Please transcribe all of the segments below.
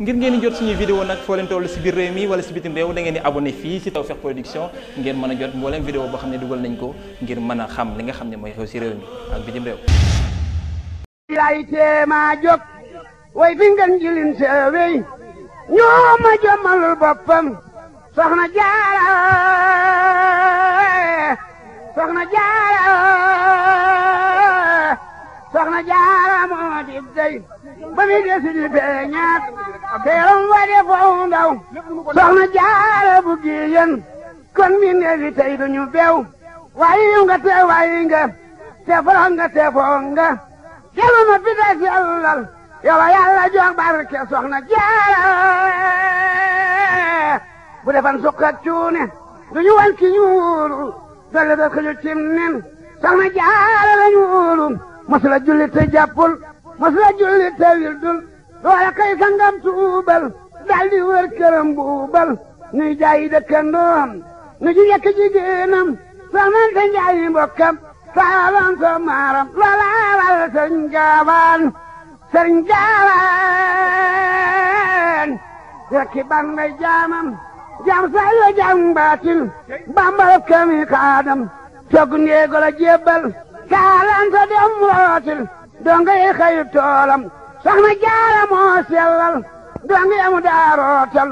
ngir ngeen jot suñuy vidéo nag foo leen toll si biir réew mi wala si bitim réew da ngeen di abonné fii si Tawfekh Production ngeen mën a jot mbooleem vidéo boo xam ne dugal nañ ko ngir mën a xam li nga xam ne mooy xew si réew mi ak bitim réew lay teema jóg way boppam soxna jaara soxna jaara moo di dey ba mi desi di a teeram wa de fo ndaw soxna jaara bu giyen kon mi neefi tey duñu bew waayi te waayi nga te forox nga te foo nga jelu ma bida sellal yowa yàlla jox barke soxna jaara bu defan sukka cuune duñu wan ki ñuulu dolle def ko ñu cim nen soxna jaara la masula julli te jàppul masula julli te kay sangam tuubal daal wër këram buubal nuy jaayi dëkkandoom nu ji yekk jigéenam soxnante njaayi mbokkam saalan so maaram loola waral sëriñ gaawaan sëriñ gaawaan rekki jaamam jaam say la jaam baatil bambal kami kaadam cog ngeegola jébbal kaalanta dem rootil donga yi xëy toolam soxna jaara moo sellal donga yamu daa rootal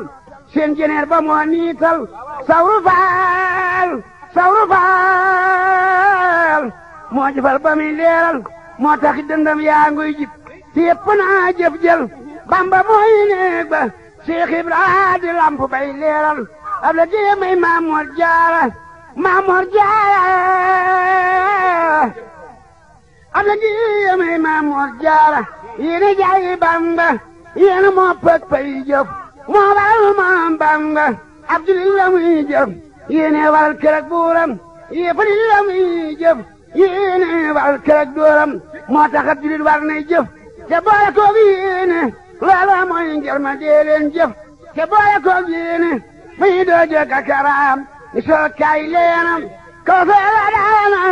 seen jeneer ba moo niital sawru faal sawru faal moo jëfal ba muy leeral moo taxi dëndam yaa nguy jib si jëf jël bamba mooy néeg ba Cheikh Ibra di lamp bay leeral ab la jéemay Maamoor Jaara Maamoor Jaara am la diya may maam Mor Jaara yéen a jaay Bamba yéen a moo pëg pay jëf moo waral maam Bamba ab jullit la muy jëf yéen a waral kër ak buuram yéefalil la muy jëf yéen a waral kër ak dooram moo tax ab jullit war nay jëf te boole koog yéen a loola mooy njërma dee leen jëf te boole koog yéen a muy doog ak karaam ni soo kaay leenam kooku la daana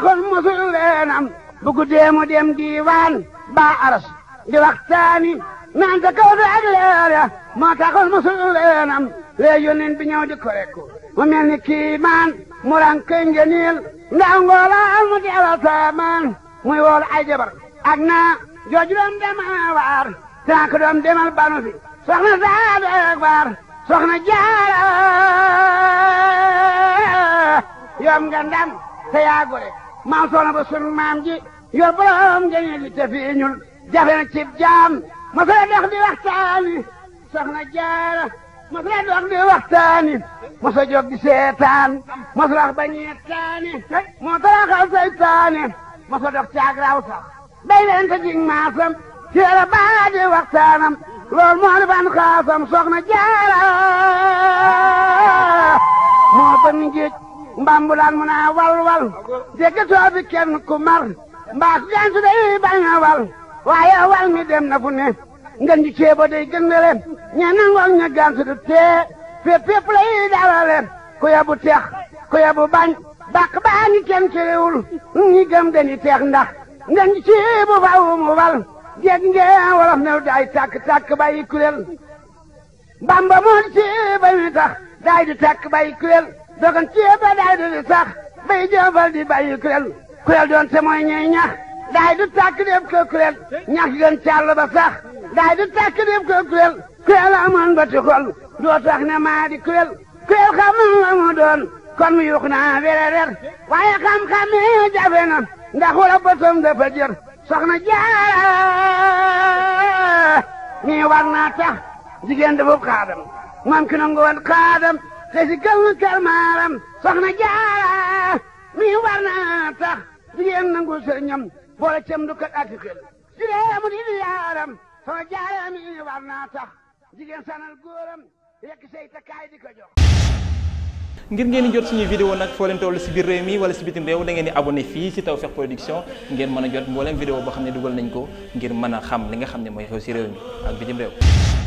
taxul musul weenam bu guddee mu dem diiwaan baa aras di waxtaani naan sa kaw ak leer ya moo taxul musul weenam lee yónneen bi ñëw di ko rekku mu mel ni kiimaan mu ranke ngeniil ndax ngoola mu di ala saamaan muy wool ay jabar ak naa jooju doom demaa waar tànk doom demal banu fi soxna saadu ak waar soxna jaara yoom nga te yaa gore maam soxna ba maam ji yor borom ngeen li te fii jafe na cib jaam masala dox di waxtaani soxna jaara masala dox di waxtaani masa jóg di seetaan masa wax ba ñettaani moo taraxal saytaani masa dox raw sax day leen ta jig maasam teel a baa di waxtaanam lool moo di fan xaasam soxna jaara moo bën géej mbambulaan mu naa wal wal dégg too fi kenn ku mar mbaa ku su day bañ a wal waaye wal mi dem na fu ne ngën ji ceebo day gëndale ñe nangoon ña gaañ su du tee fépp fépp lay dalale ku yabu teex ku yabu bañ bàq baa ngi kenn terewul ñi gëm dañuy teex ndax ngën ji ceebo fawu mu wal dégg ngeen wolof new day tàkk tàkk bàyyi kuréel Bamba moo di ceeba mi tax day di tàkk bàyyi kuréel dogan ci ba daay du di sax bay jëfal di bàyyi kuréel kuréel doon te mooy ñuy ñax daay du tàkk dem ko kuréel ñax gën càll ba sax daay du tàkk dem ko kuréel kuréel amoon ba ti xol doo tax ne maa di kuréel kuréel doon kon mu yuux naa wererer waaye xam-xam yi jafe na ndax wala bëtam dafa soxna jaara mi war naa tax jigéen dafa xaadam moom ki nangu woon xaadam te si kal na kal maaram soxna jaara mi war na tax jigéen nangul sëriñam boole cem du kat ak xel si dee mu di yaaram soxna jaara mi war na tax jigéen sanal góoram yekk say takkaay di ko jox ngir ngeen jot suñuy vidéo nag foo leen si biir réew mi wala si bitim réew da ngeen di abonné fii si Tawfekh Production ngeen mën a jot mbooleem vidéo boo xam ne dugal nañ ko ngir mën a xam li nga xam ne mooy xew si réew mi ak bitim réew